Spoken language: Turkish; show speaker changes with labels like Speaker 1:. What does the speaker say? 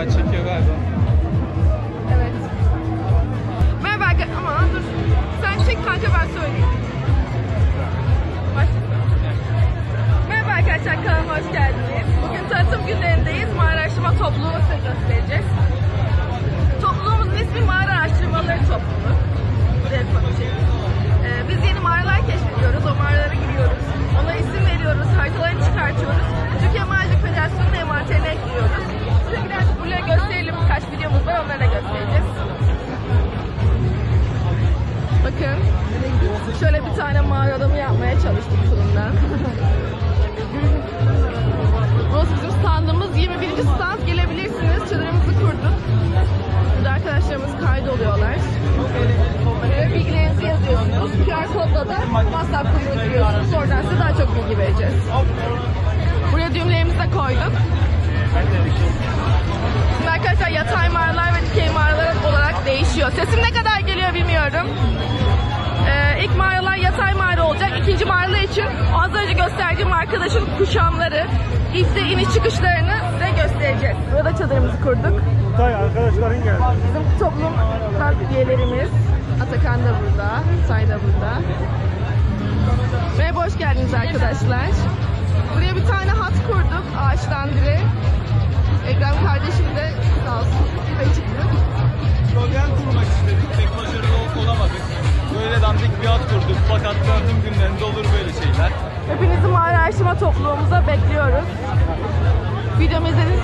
Speaker 1: Aa çekiyor galiba. Evet. Merhaba ama dur. Sen çek kanka ben söyleyeyim. Merhaba arkadaşlar kanalıma hoş geldiniz. Bugün tanıtım günlerindeyiz. Mağara Araştırma Topluluğu size göstereyim. bugün şöyle bir tane mağara yapmaya çalıştık tulumdan. Burası bizim standımız 21. stand gelebilirsiniz. Çadırımızı kurduk. Burada arkadaşlarımız kaydoluyorlar. Ve bilgilerinizi yazıyorsunuz. QR kodla da WhatsApp grubuna giriyorsunuz. Oradan size daha çok bilgi vereceğiz. Buraya düğümlerimizi de koyduk. Şimdi arkadaşlar yatay mağaralar ve dikey mağaralar olarak değişiyor. Sesim ne kadar geliyor bilmiyorum. için az önce gösterdiğim arkadaşın kuşamları, ifte iniş çıkışlarını size göstereceğiz. Burada çadırımızı kurduk. Tay arkadaşların geldi. Bizim toplum üyelerimiz. Atakan da burada, Say da burada. Ve hoş geldiniz arkadaşlar. Buraya bir tane hat kurduk ağaçtan direkt. Ekrem kardeşim de sağ olsun çıktı. Slogan kurmak istedik. Pek başarılı olamadık. Böyle dandik bir hat kurduk. Fakat döndüm günlerinde olur böyle. Hepinizi mağara araştırma topluluğumuza bekliyoruz. Videomu izlediğiniz